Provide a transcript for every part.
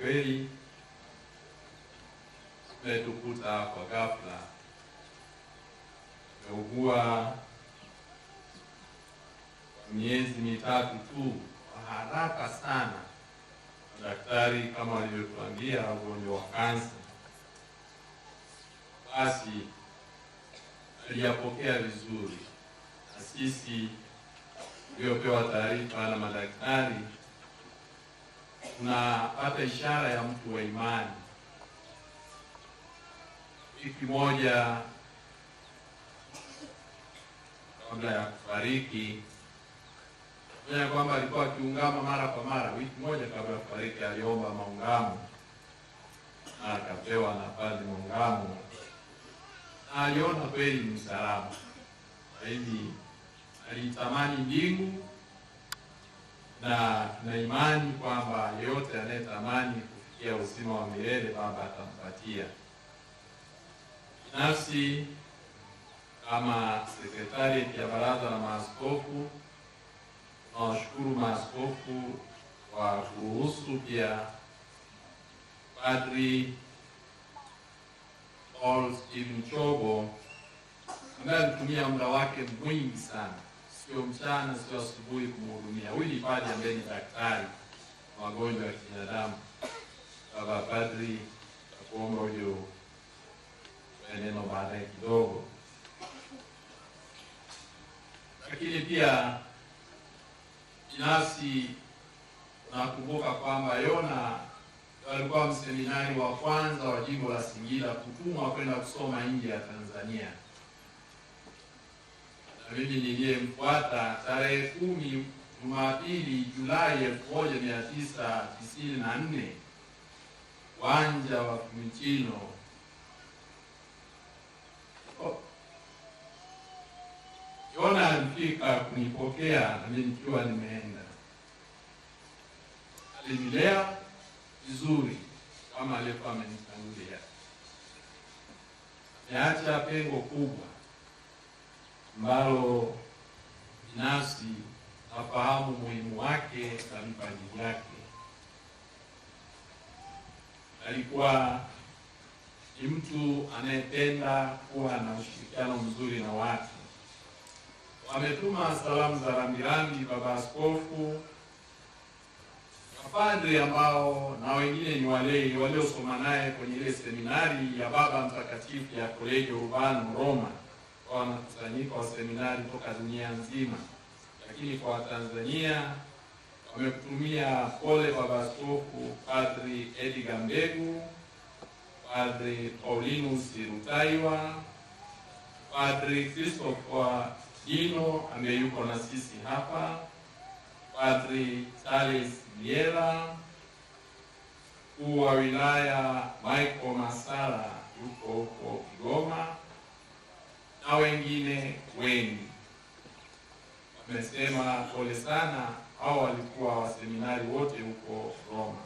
kweli umetukuta kwa ghafla, umeugua miezi mitatu tu, kwa haraka sana. Daktari kama alivyotuambia ugonjwa wa kansa, basi aliyapokea vizuri, na sisi uliopewa taarifa na madaktari tunapata ishara ya mtu wa imani. Wiki moja kabla ya kufariki ya kwamba alikuwa akiungama mara kwa mara. Wiki moja kabla ya kufariki aliomba maungamo na akapewa nafasi maungamo, na aliona kweli msalama zaidi, alitamani mbingu na na imani kwamba yeyote anayetamani kufikia uzima wa milele Baba atampatia. Binafsi kama sekretarieti ya baraza la maaskofu, tunawashukuru maaskofu kwa kuruhusu pia Padri Paul Stephen Chobo ambaye alitumia muda wake mwingi sana sio mchana, sio asubuhi kumhudumia. Huyu ni padri ambaye ni daktari magonjwa ya kibinadamu. Baba padri, nakuomba huyo neno baadaye kidogo, lakini pia binafsi nakumbuka kwamba Yona alikuwa mseminari wa kwanza wa jimbo la Singida kutumwa kwenda kusoma nje ya Tanzania na mimi niliyemfuata tarehe kumi Jumapili Julai elfu moja mia tisa tisini na nne uwanja wa Fiumicino Yona oh. alifika kunipokea nami nikiwa nimeenda. Alinilea vizuri kama alikuwa amenitangulia, ameacha pengo kubwa ambalo binafsi nafahamu muhimu wake na vipaji vyake. Alikuwa ni mtu anayependa kuwa na ushirikiano mzuri na watu. Wametuma salamu za rambirambi baba askofu, mapadri ambao na wengine ni walei waliosoma naye kwenye ile seminari ya Baba Mtakatifu ya Kolegio Urbano Roma kwa mkusanyiko wa seminari toka dunia nzima, lakini kwa Watanzania wamekutumia pole kwa Askofu Padri Edgar Mbegu, Padri Paulinus Rutaiwa, Padri Christopher Dino ambaye yuko na sisi hapa, Padri Charles Miela, mkuu wa wilaya Michael Masala yuko huko Kigoma na wengine wengi. wamesema pole sana, hao walikuwa waseminari wote huko Roma,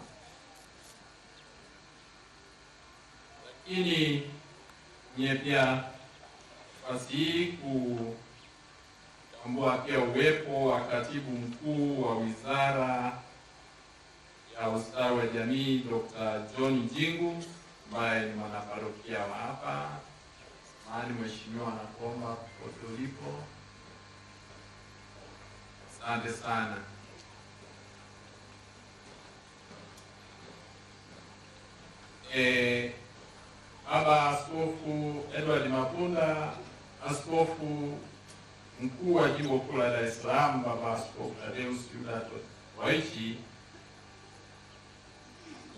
lakini nyie pia nafasi hii kutambua pia uwepo wa katibu mkuu wa wizara ya ustawi wa jamii Dr. John Jingu ambaye ni mwanaparokia wa hapa mahali mheshimiwa anakuomba popote ulipo. Asante sana. E, Baba Askofu Edward Mapunda, askofu mkuu wa jimbo kuu la Dar es Salaam, Baba Askofu Tadeus Yudato Waichi,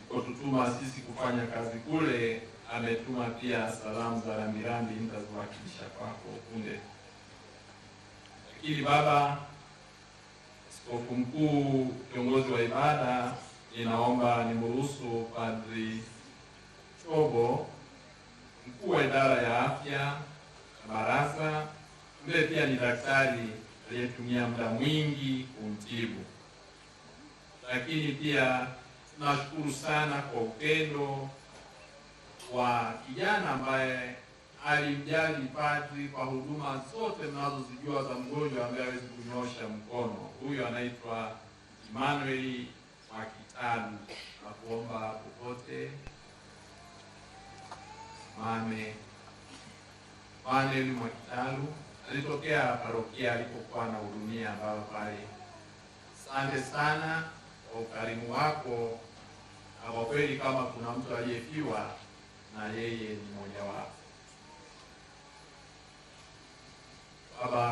kututuma sisi kufanya kazi kule ametuma pia salamu za rambirambi, nitaziwakilisha kwako punde. Lakini baba askofu mkuu, kiongozi wa ibada, ninaomba nimruhusu Padri Chobo, mkuu wa idara ya afya na baraza, ambaye pia ni daktari aliyetumia muda mwingi kumtibu, lakini pia tunashukuru sana kwa upendo kwa kijana ambaye alimjali padri kwa huduma zote mnazozijua za mgonjwa ambaye hawezi kunyosha mkono. Huyu anaitwa Emmanuel Makitanu, na kuomba popote mame Manuel Makitanu alitokea parokia alipokuwa na hudumia ambayo pale. Asante sana kwa ukarimu wako, na kwa kweli kama kuna mtu aliyefiwa na yeye ni mmojawapo. Baba,